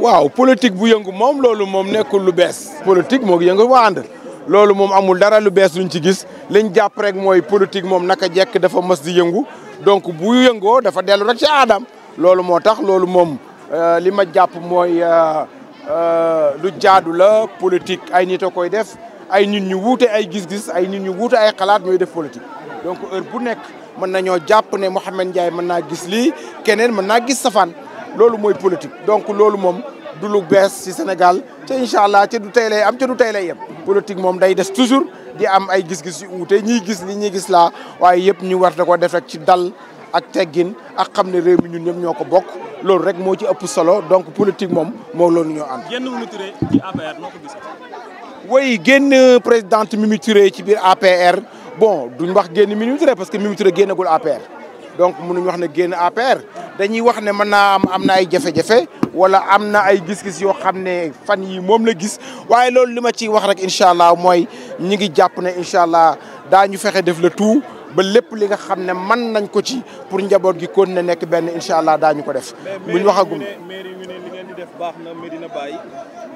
waaw politique bu yëngu moom loolu moom nekkul lu bees politique moo yëngu waa ànd loolu moom amul dara lu bees luñ ci gis liñ jàpp rek mooy politique moom naka jekk dafa mës di yëngu donc bu yëngoo dafa dellu rek ci aadam loolu moo tax loolu moom euh, li ma jàpp mooy euh, euh, lu jaadu la politique ay nit a koy def ay nit ñu wuute ay gis-gis ay nit ñu wuute ay xalaat ñooy def politique donc heure bu nekk mën nañoo jàpp ne Mouhamed Ndiaye mën naa gis lii keneen mën naa gis safaan loolu mooy politique donc loolu moom du lu bees ci Sénégal te incha allah te du tey lay am te du tey lay yem. politique moom day des toujours di am ay gis-gis yu uute gis li ñuy gis laa waaye yëpp ñu war na ko def rek ci dal ak teggin ak xam ne réew mi ñun ñëpp ñoo ko bokk loolu rek moo ci ëpp solo donc politique moom moo loolu ñoo am. génn Mimi Touré ci APR noo ko gisee. génn présidente Mimi Touré ci biir APR bon duñ wax génn Mimi Touré parce que Mimi Touré génnagul APR donc mënuñ wax ne génn APR dañuy wax ne mën naa am am na ay jafe wala am na ay gis-gis yoo xam ne fan yi moom la gis waaye loolu li ma ci wax rek incha allah mooy ñi ngi jàpp ne incha daa ñu fexe def le tout ba lépp li nga xam ne mën nañ ko ci pour njaboot gi kon ne nekk benn incha daa ñu ko def. buñ waxagum mairie ñu ne li ngeen di def baax na Medina Baye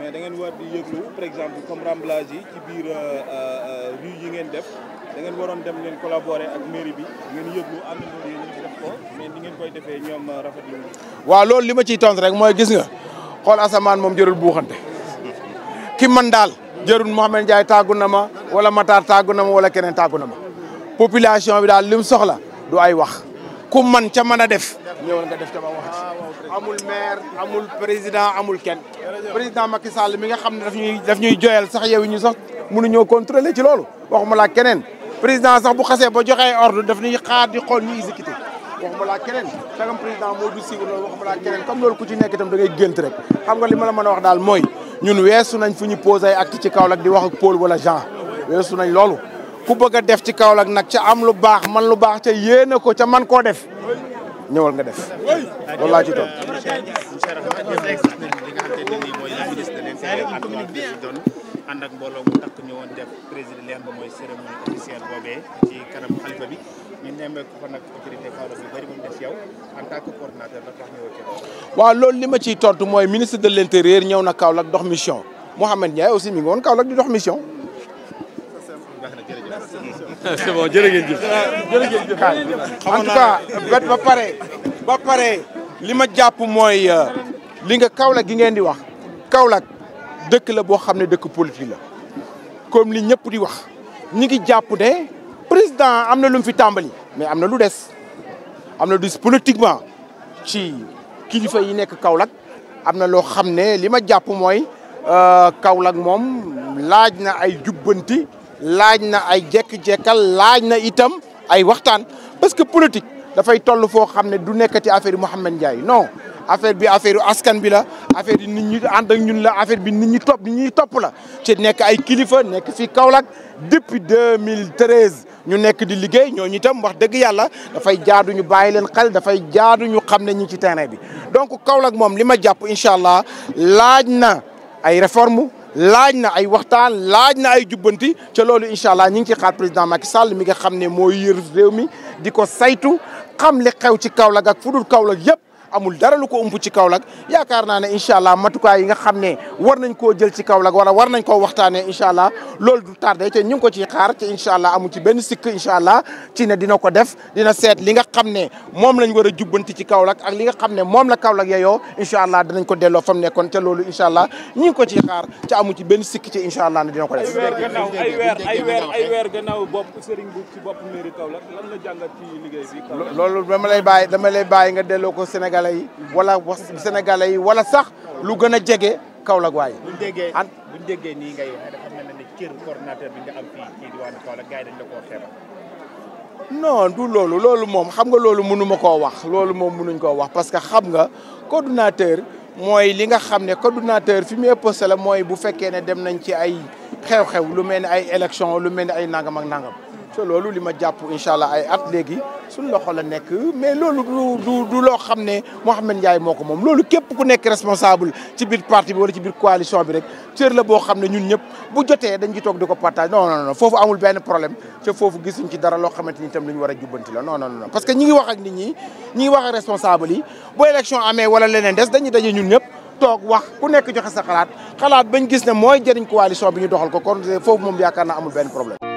mais da ngeen war di yëglu par exemple comme remblage biir euh, euh, rue yi ngeen def. da ngeen waroon dem ngeen collaborer ak mairie bi ngeen yëglu am na euh, loolu yéen ñu def li ma ciy tont rek mooy gis nga xool asamaan moom jërul buuxante ki man daal jërul Mouhamed Ndiaye tàggu na ma wala Matar tàggu na ma wala keneen tàggu na ma population bi daal lim soxla du ay wax ku man ca mën a def ñëwal nga def ca ma amul maire amul président amul kenn président Macky Sall mi nga xam ne daf ñuy daf ñuy joyal sax yow ñu sax mënuñoo contrôler ci loolu waxuma laa keneen président sax bu xasee boo joxe ay ordre def ñuy xaar di xool ñu exécuté waxuma laa keneen sagam président moo du siiw comme loolu ku ci nekk tam da ngay gént rek xam nga li man la mën a wax daal mooy ñun weesu nañ fu ñu posé ay acte ci Kaolack di wax ak Paul wala Jean weesu nañ loolu ku bëgg a def ci Kaolack nag ca am lu baax man lu baax ca yéene ko ca man koo def ñëwal nga def loolu laa ci toog séeréer ak waa Kër Sidone ànd ak mbooloo mu ci kanam ko fa nag autorité Kaolack li ma ciy tontu mooy ministre de l' ñëw na Kaolack dox mission Mouhamed Ndiaye aussi mi ngi woon Kaolack di dox mission. c'est bon jërë ngeen jëf. ba pare ba pare li ma jàpp mooy euh, li nga Kaolack gi ngeen di wax Kaolack. dëkk la boo xam ne dëkk politique la comme li ñëpp di wax ñi ngi jàpp ne président am na lu fi tàmbali mais am na lu des am na lu des politiquement ci kilifa yi nekk Kaolack am na loo xam ne li ma jàpp mooy euh, Kaolack moom laaj na ay jubbanti laaj na ay jekk-jekkal laaj na itam ay waxtaan parce que politique dafay toll foo xam ne du nekkati affaire yi Mouhamed Ndiaye non affaire bi affaire askan bi la affaire yi nit ñi ànd ak ñun la affaire bi nit ñi topp nit ñi topp la ci nekk ay kilifa nekk fii Kaolack depuis 2013 ñu nekk di liggéey ñooñu itam wax dëgg yàlla dafay jaadu ñu bàyyi leen xel dafay jaadu ñu xam ne ñi ci terrain bi donc Kaolack moom li ma jàpp incha allah laaj na ay réforme laaj na ay waxtaan laaj na ay jubbanti ca loolu incha allah ñu ngi ci xaar président Macky Sall mi nga xam ne mooy yër réew mi di ko saytu xam li xew ci Kaolack ak fu dul Kaolack yëpp amul dara lu ko ëmp ci Kaolack yaakaar naa ne incha allah matukaay yi nga xam ne war nañ koo jël ci Kaolack wala war nañ koo waxtaanee incha allah loolu du tardé ko ciy xaar te allah amul ci benn sikk incha allah ci ne dina ko def dina seet li nga xam ne moom lañ war a jubbanti ci Kaolack ak li nga xam ne moom la Kaolack yeyoo incha allah danañ ko delloo fam nekkoon te loolu incha allah ko ciy xaar te amu ci benn sikk ci incha allah ne dina ko def. ay weer ay weer ay weer gannaaw bopp sëriñ bu ci bopp mairie Kaolack lan la jàngat ci liggéey bi. loolu dama lay bàyyi dama lay bàyyi nga delloo ko Sénégal sénégalais wala wax sénégalais yi wala sax lu gën a jege Kaolack waay. bu ñu nii ngay waxee dafa bi nga non du loolu loolu moom xam nga loolu mënu ko koo wax loolu moom mënuñ koo wax parce que xam nga coordinateur mooy li nga xam ne kordinateur fi mu ëpp mooy bu fekkee ne dem nañ ci ay xew-xew lu mel ni ay élection lu mel ni ay nangam ak nangam. te loolu li ma jàpp incha allah ay at léegi suñ loxo la nekk mais loolu du du du loo xam ne Mouhamed moo ko moom loolu képp ku nekk responsable ci biir parti bi wala ci biir coalition bi rek cër la boo xam ne jotee dañ ci foofu amul benn problème te foofu gisuñ loo xamante ni itam lu war a jubbanti la non non non parce que ñi ngi wax ak nit ñi ñi ngi wax ak responsable yi bu élection amee wala leneen des dañuy daje ñun ñëpp toog wax ku nekk joxe sa xalaat xalaat bañ gis ne mooy jëriñ coalition bi ñu doxal ko kon foofu moom yaakaar naa amul benn problème